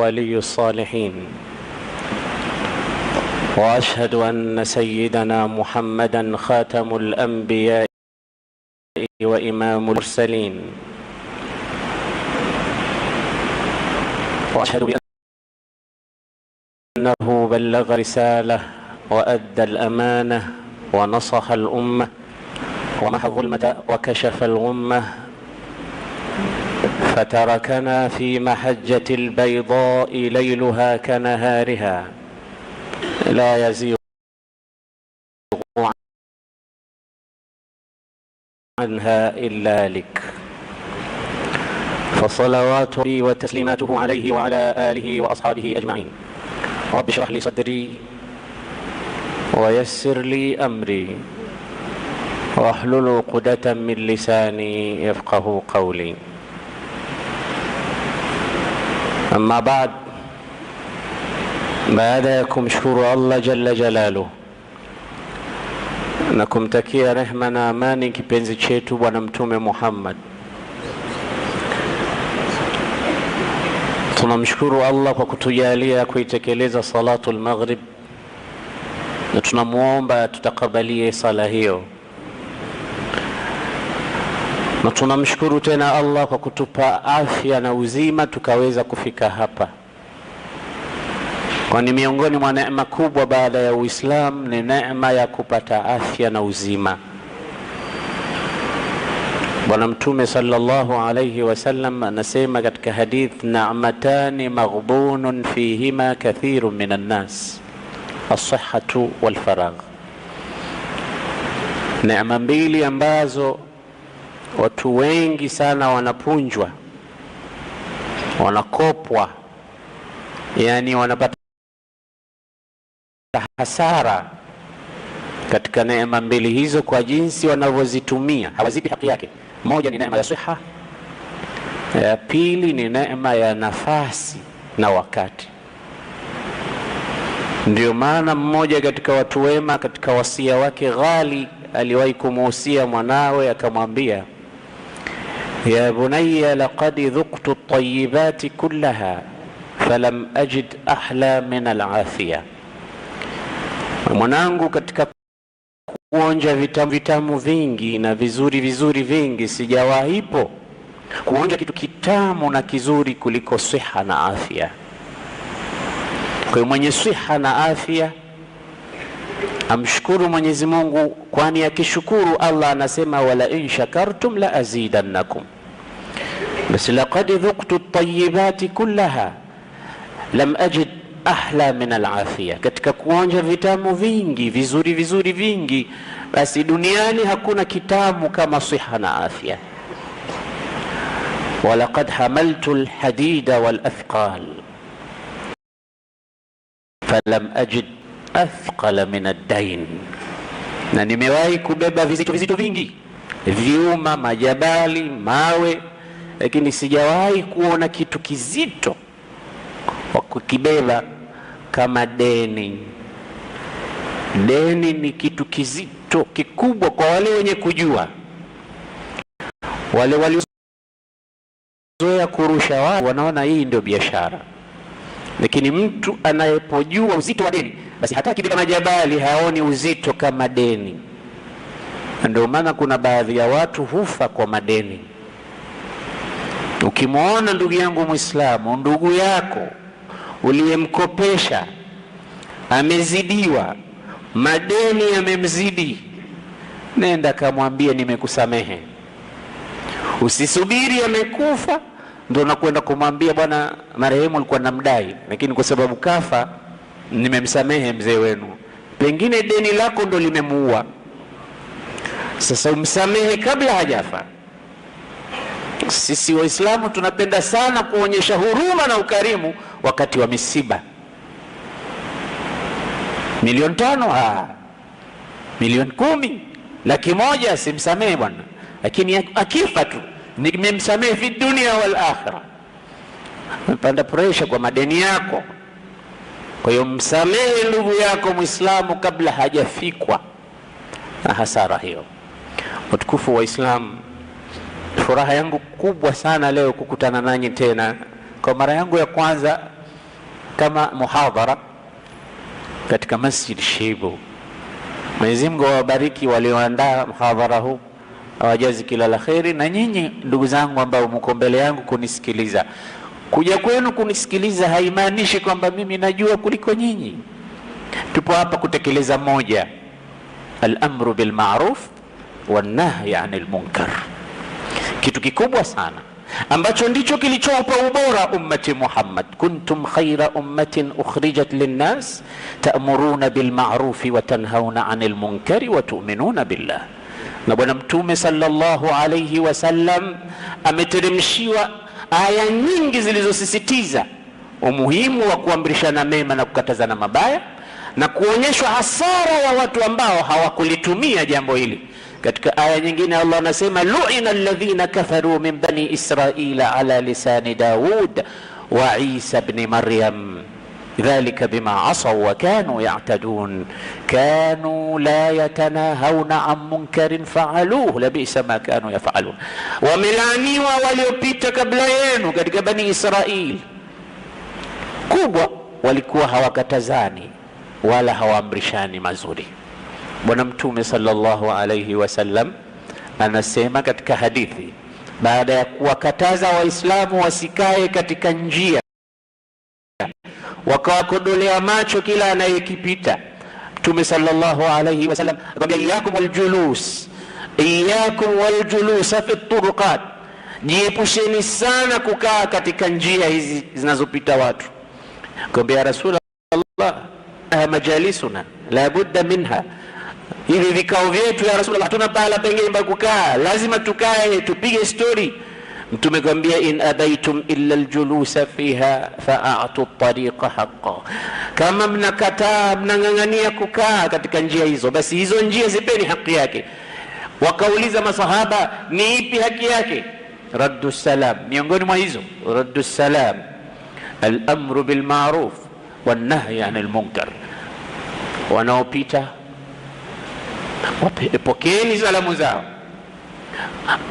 ولي الصالحين واشهد ان سيدنا محمدا خاتم الانبياء وامام المرسلين واشهد انه بلغ رساله وادى الامانه ونصح الامه ومحى الظلمه وكشف الغمه فتركنا في محجة البيضاء ليلها كنهارها لا يزيغ عنها إلا لك فصلوات ربي وتسليماته عليه وعلى آله وأصحابه أجمعين رب اشرح لي صدري ويسر لي أمري واحلل عقدة من لساني يفقه قولي أما بعد بهداكم شكر الله جل جلاله na kumtakia rehma na amani kipenzi chetu Bwana Mtume Muhammad. Tunamshukuru Allah kwa kutujalia kuitekeleza salatul maghrib na tunamwomba tutakabalie sala hiyo. na tunamshukuru tena Allah kwa kutupa afya na uzima tukaweza kufika hapa, kwani miongoni mwa neema kubwa baada ya Uislamu ni neema ya kupata afya na uzima. Bwana Mtume sallallahu alayhi wasallam anasema katika hadith, na'matani maghbunun fihima kathirun minan nas as-sihhatu wal faragh, neema mbili ambazo watu wengi sana wanapunjwa, wanakopwa, yani wanapata hasara katika neema mbili hizo kwa jinsi wanavyozitumia, hawazipi haki yake. Moja ni neema ya siha, ya pili ni neema ya nafasi na wakati. Ndio maana mmoja katika watu wema katika wasia wake ghali aliwahi kumuhusia mwanawe akamwambia يا بني لقد ذقت الطيبات كلها falam ajid ahla min alafiya mwanangu, katika kuonja vitamu vitamu vingi na vizuri vizuri vingi sijawahipo kuonja kitu kitamu na kizuri kuliko siha na afya. Kwa hiyo mwenye siha na afya amshukuru Mwenyezi Mungu, kwani akishukuru Allah anasema wala in shakartum la azidannakum بس لقد ذقت الطيبات كلها لم أجد أحلى من العافية كتك كوانجا فيتامو فينجي فيزوري فيزوري فينجي بس دنياني هكون كتاب كما صحة عافية ولقد حملت الحديد والأثقال فلم أجد أثقل من الدين نمي وايكو فيزيتو فيزيتو فينجي فيوما ما جبالي ماوي lakini sijawahi kuona kitu kizito kwa kukibeba kama deni. Deni ni kitu kizito kikubwa kwa wale wenye kujua. Wale waliozoea kurusha watu wanaona hii ndio biashara, lakini mtu anayepojua uzito wa deni, basi hata kitu majabali haoni uzito kama deni. Ndio maana kuna baadhi ya watu hufa kwa madeni. Ukimwona ndugu yangu Mwislamu, ndugu yako uliyemkopesha amezidiwa, madeni yamemzidi, nenda kamwambie nimekusamehe. Usisubiri amekufa ndo nakwenda kumwambia bwana, marehemu alikuwa namdai, lakini kwa sababu kafa nimemsamehe mzee wenu. Pengine deni lako ndo limemuua. Sasa umsamehe kabla hajafa. Sisi Waislamu tunapenda sana kuonyesha huruma na ukarimu wakati wa misiba. Milioni tano ha, milioni kumi, laki moja, simsamehe bwana, lakini akifa tu nimemsamehe fi dunia wal akhira. Amepanda presha kwa madeni yako. Kwa hiyo msamehe ndugu yako Mwislamu kabla hajafikwa na hasara hiyo. Utukufu wa Islamu Furaha yangu kubwa sana leo kukutana nanyi tena kwa mara yangu ya kwanza kama muhadhara katika Masjid shibu Mwenyezi Mungu awabariki walioandaa muhadhara huu, awajazi kila la kheri. Na nyinyi ndugu zangu ambao mko mbele yangu kunisikiliza, kuja kwenu kunisikiliza haimaanishi kwamba mimi najua kuliko nyinyi. Tupo hapa kutekeleza moja, al-amru bil ma'ruf lmunkar nahyi anil munkar kitu kikubwa sana ambacho ndicho kilichoupa ubora ummati Muhammad, kuntum khaira ummatin ukhrijat linnas ta'muruna bilma'rufi wa tanhauna 'anil munkari wa tu'minuna billah. Na Bwana Mtume sallallahu alayhi wasallam ameteremshiwa aya nyingi zilizosisitiza umuhimu wa kuamrishana mema na kukatazana mabaya na kuonyeshwa hasara ya watu ambao hawakulitumia jambo hili katika aya nyingine allah anasema luina alladhina kafaru min bani israila ala lisani daud wa isa bni maryam ذلك بما عصوا وكانوا يعتدون كانوا لا يتناهون عن منكر فعلوه لبئس ما كانوا يفعلون وملانيوا وليبيت قبل ينو katika bani israil kubwa walikuwa hawakatazani wala hawaamrishani mazuri. Bwana Mtume sallallahu alaihi wasallam anasema katika hadithi, baada ya kuwakataza Waislamu wasikae katika njia, wakawakodolea macho kila anayekipita, Mtume sallallahu alaihi wasallam akamwambia, iyakum waljulus, iyakum waljulusa fi turuqat, jiepusheni sana kukaa katika njia hizi zinazopita watu. Akamwambia Rasulullah majalisuna, labudda minha hivi vikao vyetu ya Rasulullah, hatuna pahala pengine pa kukaa, lazima tukae tupige stori. Mtume kwambia, in abaitum illa aljulusa fiha faatu tariqa haqa, kama mnakataa mnang'ang'ania kukaa katika njia hizo, basi hizo njia zipeni haki yake. Wakauliza masahaba, ni ipi haki yake? Raddu salam, miongoni mwa hizo raddu salam, alamru bilmaruf wanahyi ani lmunkar wanaopita wapokeeni zalamu zao.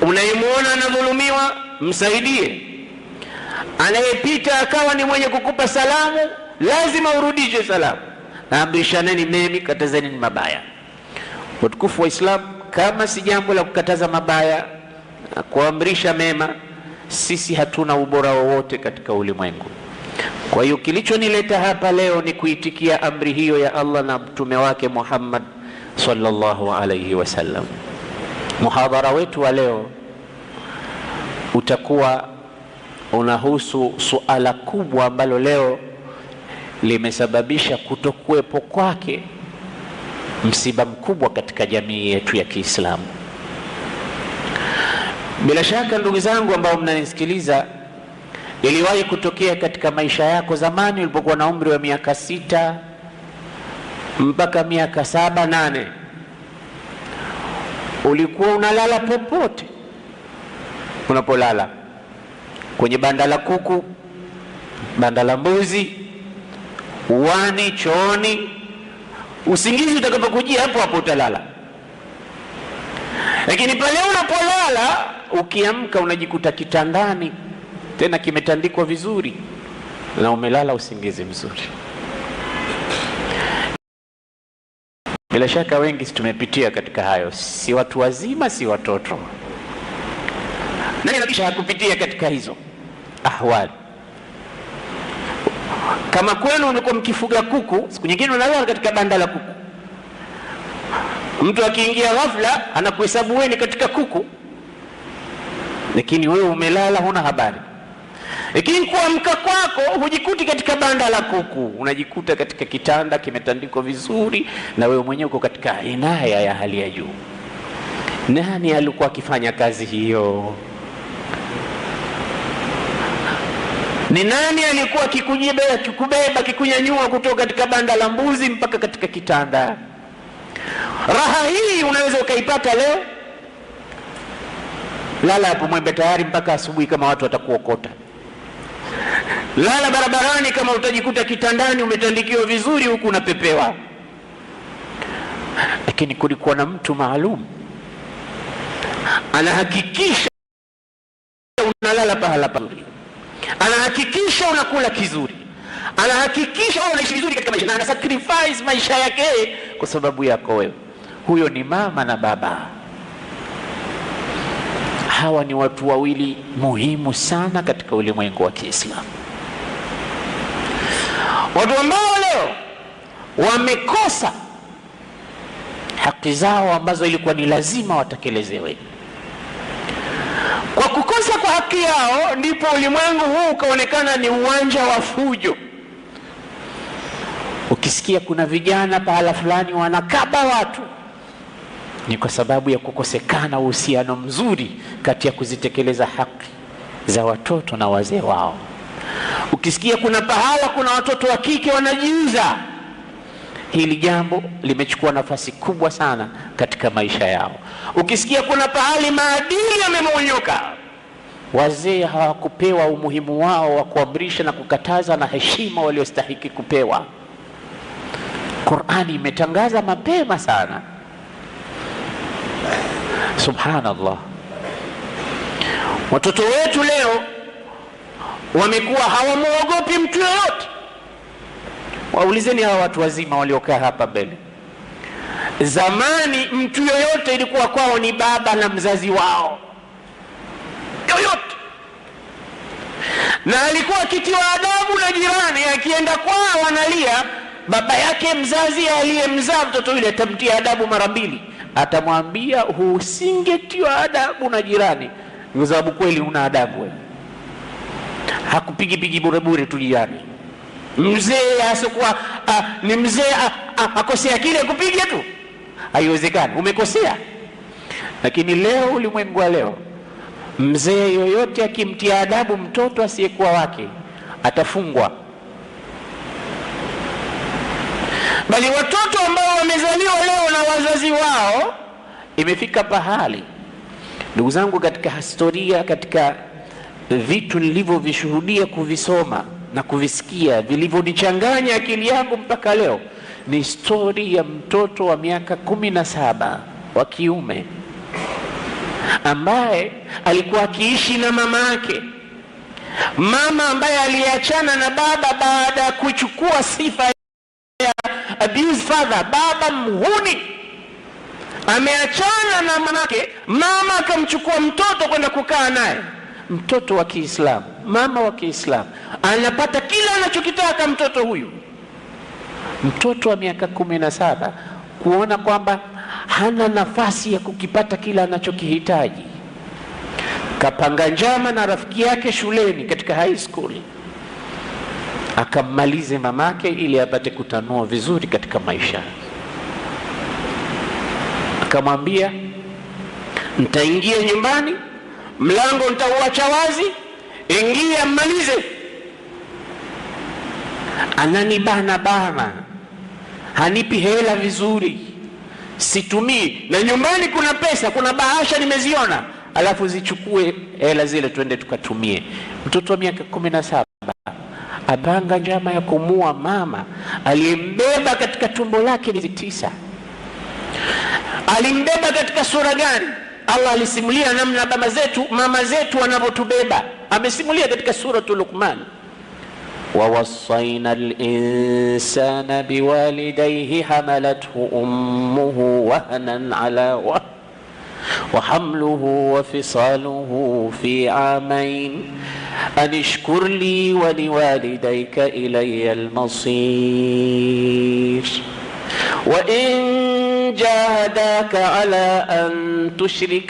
Unayemwona anadhulumiwa msaidie, anayepita akawa ni mwenye kukupa salamu, lazima urudishe salamu, na memi mema, mabaya. Watukufu wa Islam, kama si jambo la kukataza mabaya na kuamrisha mema, sisi hatuna ubora wowote katika ulimwengu. Kwa hiyo kilichonileta hapa leo ni kuitikia amri hiyo ya Allah na mtume wake Muhammad sallallahu alayhi wasallam. Muhadhara wetu wa leo utakuwa unahusu suala kubwa ambalo leo limesababisha kutokuwepo kwake msiba mkubwa katika jamii yetu ya Kiislamu. Bila shaka ndugu zangu ambao mnanisikiliza Iliwahi kutokea katika maisha yako zamani ulipokuwa na umri wa miaka sita mpaka miaka saba nane, ulikuwa unalala popote unapolala, kwenye banda la kuku, banda la mbuzi, uwani, chooni. Usingizi utakapokujia hapo hapo utalala, lakini pale unapolala ukiamka unajikuta kitandani tena kimetandikwa vizuri na umelala usingizi mzuri. Bila shaka wengi tumepitia katika hayo, si watu wazima, si watoto. Nani kisha hakupitia katika hizo ahwali? Kama kwenu ulikuwa mkifuga kuku, siku nyingine unalala katika banda la kuku, mtu akiingia ghafla anakuhesabu wewe ni katika kuku, lakini wewe umelala, huna habari. Lakini kuamka kwako hujikuti katika banda la kuku, unajikuta katika kitanda kimetandikwa vizuri, na wewe mwenyewe uko katika inaya ya hali ya juu. Nani alikuwa akifanya kazi hiyo? Ni nani alikuwa kikujibeba, kikubeba, kikunyanyua kutoka katika banda la mbuzi mpaka katika kitanda? Raha hii unaweza ukaipata leo, lala hapo mwembe tayari mpaka asubuhi, kama watu watakuokota lala barabarani kama utajikuta kitandani umetandikiwa vizuri huku unapepewa lakini kulikuwa na mtu maalum anahakikisha unalala pahala pazuri anahakikisha unakula kizuri anahakikisha unaishi vizuri katika maisha na ana maisha yake kwa sababu yako wewe huyo ni mama na baba hawa ni watu wawili muhimu sana katika ulimwengu wa kiislamu watu ambao leo wamekosa haki zao ambazo ilikuwa ni lazima watekelezewe. Kwa kukosa kwa haki yao, ndipo ulimwengu huu ukaonekana ni uwanja wa fujo. Ukisikia kuna vijana pahala fulani wanakaba watu, ni kwa sababu ya kukosekana uhusiano mzuri kati ya kuzitekeleza haki za watoto na wazee wao. Ukisikia kuna pahala kuna watoto wa kike wanajiuza, hili jambo limechukua nafasi kubwa sana katika maisha yao. Ukisikia kuna pahali maadili yamemonyoka, wazee hawakupewa umuhimu wao wa kuamrisha na kukataza na heshima waliostahiki kupewa. Qurani imetangaza mapema sana, subhanallah. Watoto wetu leo wamekuwa hawamwogopi mtu yoyote. Waulizeni hawa watu wazima waliokaa hapa mbele. Zamani mtu yoyote ilikuwa kwao ni baba na mzazi wao yoyote, na alikuwa akitiwa adabu na jirani, akienda kwao analia, baba yake mzazi aliyemzaa mtoto yule atamtia adabu mara mbili, atamwambia husingetiwa adabu na jirani, kwa sababu kweli una adabu wewe hakupigipigi burebure tu jirani. Mzee asokuwa ni mzee akosea kile kupiga tu, haiwezekani, umekosea. Lakini leo ulimwengu wa leo, mzee yoyote akimtia adabu mtoto asiyekuwa wake atafungwa, bali watoto ambao wamezaliwa leo na wazazi wao, imefika pahali, ndugu zangu, katika historia, katika vitu nilivyovishuhudia kuvisoma na kuvisikia vilivyonichanganya akili yangu mpaka leo ni stori ya mtoto wa miaka kumi na saba wa kiume ambaye alikuwa akiishi na mama yake, mama ambaye aliachana na baba baada ya kuchukua sifa ya abuse father, baba mhuni. Ameachana na mwanake, mama akamchukua mtoto kwenda kukaa naye mtoto wa Kiislamu, mama wa Kiislamu anapata kila anachokitaka mtoto huyu, mtoto wa miaka kumi na saba kuona kwamba hana nafasi ya kukipata kila anachokihitaji. Kapanga njama na rafiki yake shuleni katika high school akammalize mamake ili apate kutanua vizuri katika maisha. Akamwambia, ntaingia nyumbani mlango nitauacha wazi, ingia mmalize. anani bana, hanipi hela vizuri, situmii. Na nyumbani kuna pesa, kuna bahasha nimeziona, alafu zichukue hela zile, twende tukatumie. Mtoto wa miaka kumi na saba apanga njama ya kumua mama aliyembeba katika tumbo lake miezi tisa. Alimbeba katika sura gani? allah alisimulia namna baba zetu mama zetu wanavyotubeba amesimulia katika suratu luqman ووصينا الإنسان بوالديه حملته أمه وهنا على وهن وحمله وفصاله في عامين أن اشكر لي ولوالديك إلي المصير وإن جاهداك على أن تشرك